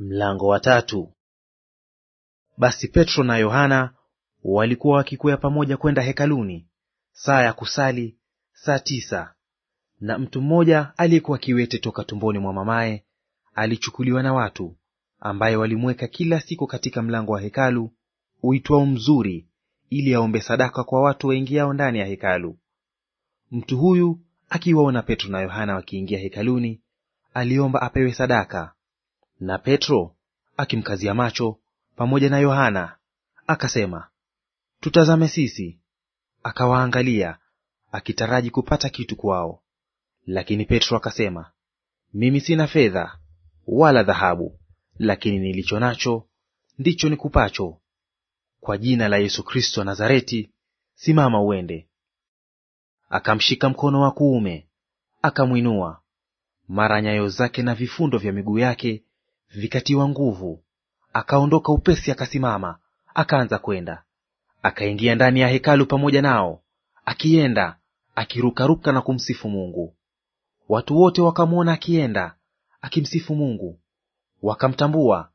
Mlango wa tatu. Basi Petro na Yohana walikuwa wakikuya pamoja kwenda hekaluni saa ya kusali, saa tisa. Na mtu mmoja aliyekuwa kiwete toka tumboni mwa mamaye alichukuliwa na watu, ambaye walimweka kila siku katika mlango wa hekalu uitwao Mzuri, ili aombe sadaka kwa watu waingiao ndani ya hekalu. Mtu huyu akiwaona Petro na Yohana wakiingia hekaluni, aliomba apewe sadaka na Petro akimkazia macho pamoja na Yohana akasema, tutazame sisi. Akawaangalia akitaraji kupata kitu kwao, lakini Petro akasema, mimi sina fedha wala dhahabu, lakini nilicho nacho ndicho nikupacho. Kwa jina la Yesu Kristo Nazareti, simama uende. Akamshika mkono wa kuume akamwinua, mara nyayo zake na vifundo vya miguu yake vikatiwa nguvu, akaondoka upesi, akasimama, akaanza kwenda. Akaingia ndani ya hekalu pamoja nao, akienda akirukaruka na kumsifu Mungu. Watu wote wakamwona akienda akimsifu Mungu, wakamtambua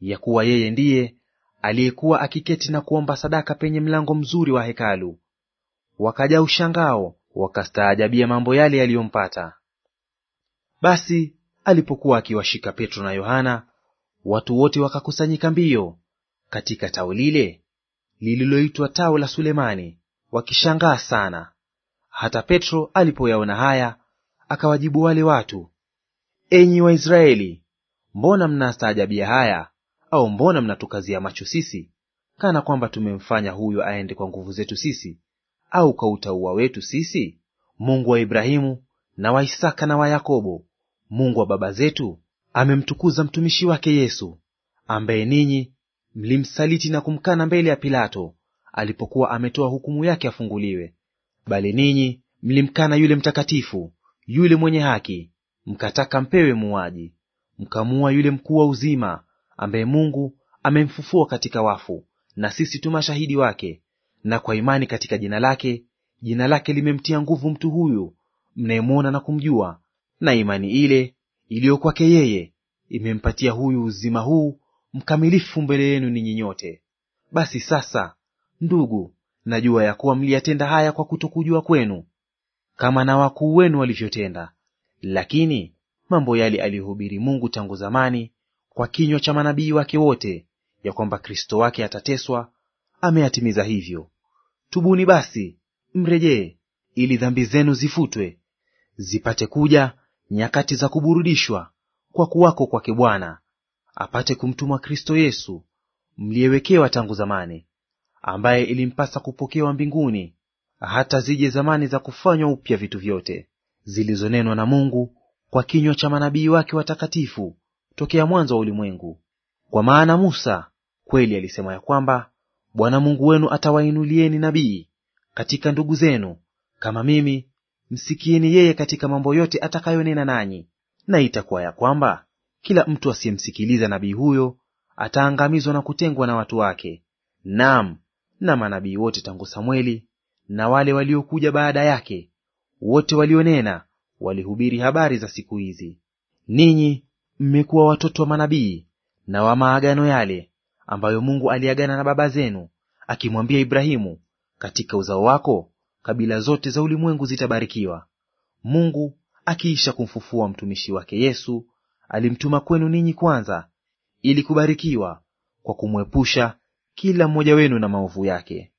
ya kuwa yeye ndiye aliyekuwa akiketi na kuomba sadaka penye mlango mzuri wa hekalu. wakaja ushangao, wakastaajabia mambo yale yaliyompata. Basi alipokuwa akiwashika Petro na Yohana, watu wote wakakusanyika mbio katika tao lile lililoitwa tao la Sulemani, wakishangaa sana. Hata Petro alipoyaona haya, akawajibu wale watu, enyi Waisraeli, mbona mnastaajabia haya? Au mbona mnatukazia macho sisi, kana kwamba tumemfanya huyo aende kwa nguvu zetu sisi, au kwa utaua wetu sisi? Mungu wa Ibrahimu na wa Isaka na wa Yakobo Mungu wa baba zetu amemtukuza mtumishi wake Yesu, ambaye ninyi mlimsaliti na kumkana mbele ya Pilato alipokuwa ametoa hukumu yake afunguliwe. Bali ninyi mlimkana yule mtakatifu, yule mwenye haki, mkataka mpewe muuaji. mkamua yule mkuu wa uzima, ambaye Mungu amemfufua katika wafu, na sisi tu mashahidi wake. Na kwa imani katika jina lake, jina lake limemtia nguvu mtu huyu mnayemwona na kumjua na imani ile iliyo kwake yeye imempatia huyu uzima huu mkamilifu mbele yenu ninyi nyote. Basi sasa, ndugu, najua ya kuwa mliyatenda haya kwa kutokujua kwenu, kama na wakuu wenu walivyotenda. Lakini mambo yale aliyohubiri Mungu tangu zamani kwa kinywa cha manabii wake wote, ya kwamba Kristo wake atateswa, ameyatimiza hivyo. Tubuni basi, mrejee, ili dhambi zenu zifutwe, zipate kuja nyakati za kuburudishwa kwa kuwako kwake Bwana, apate kumtuma Kristo Yesu mliyewekewa tangu zamani, ambaye ilimpasa kupokewa mbinguni hata zije zamani za kufanywa upya vitu vyote, zilizonenwa na Mungu kwa kinywa cha manabii wake watakatifu tokea mwanzo wa ulimwengu. Kwa maana Musa kweli alisema ya kwamba Bwana Mungu wenu atawainulieni nabii katika ndugu zenu kama mimi msikieni yeye katika mambo yote atakayonena nanyi. Na itakuwa ya kwamba kila mtu asiyemsikiliza nabii huyo ataangamizwa na kutengwa na watu wake. Naam, na manabii wote tangu Samweli na wale waliokuja baada yake, wote walionena walihubiri habari za siku hizi. Ninyi mmekuwa watoto wa manabii na wa maagano yale ambayo Mungu aliagana na baba zenu, akimwambia Ibrahimu, katika uzao wako kabila zote za ulimwengu zitabarikiwa. Mungu akiisha kumfufua mtumishi wake Yesu, alimtuma kwenu ninyi kwanza, ili kubarikiwa kwa kumwepusha kila mmoja wenu na maovu yake.